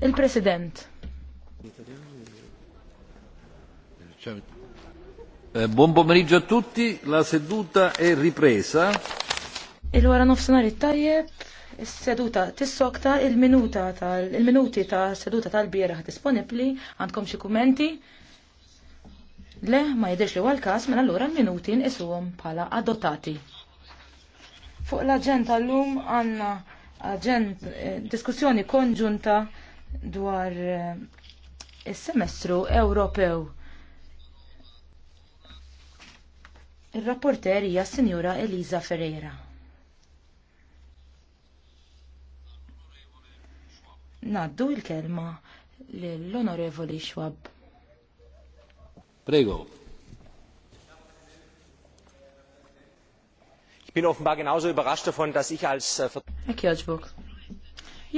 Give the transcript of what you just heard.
Il-President. Eh, buon pomeriggio a tutti, la seduta è ripresa. Il-wara nofsinhar it-tajjeb, is-seduta tissokta il-minuta tal il-minuti ta' seduta tal-bieraħ disponibbli, għandkom xi kummenti. Le, ma jidhirx li għal każ minn mela allura l-minuti nqisuhom bħala adottati. Fuq l agenda l-lum għandna eh, diskussjoni konġunta dwar eh, is-semestru Ewropew. Ir-rapporter hija Sinjura Eliza Ferreira. Naddu l kelma lill-Onorevoli Schwab. Prego. Ich bin offenbar genauso überrascht davon, dass ich als... Äh, Herr Kirchburg.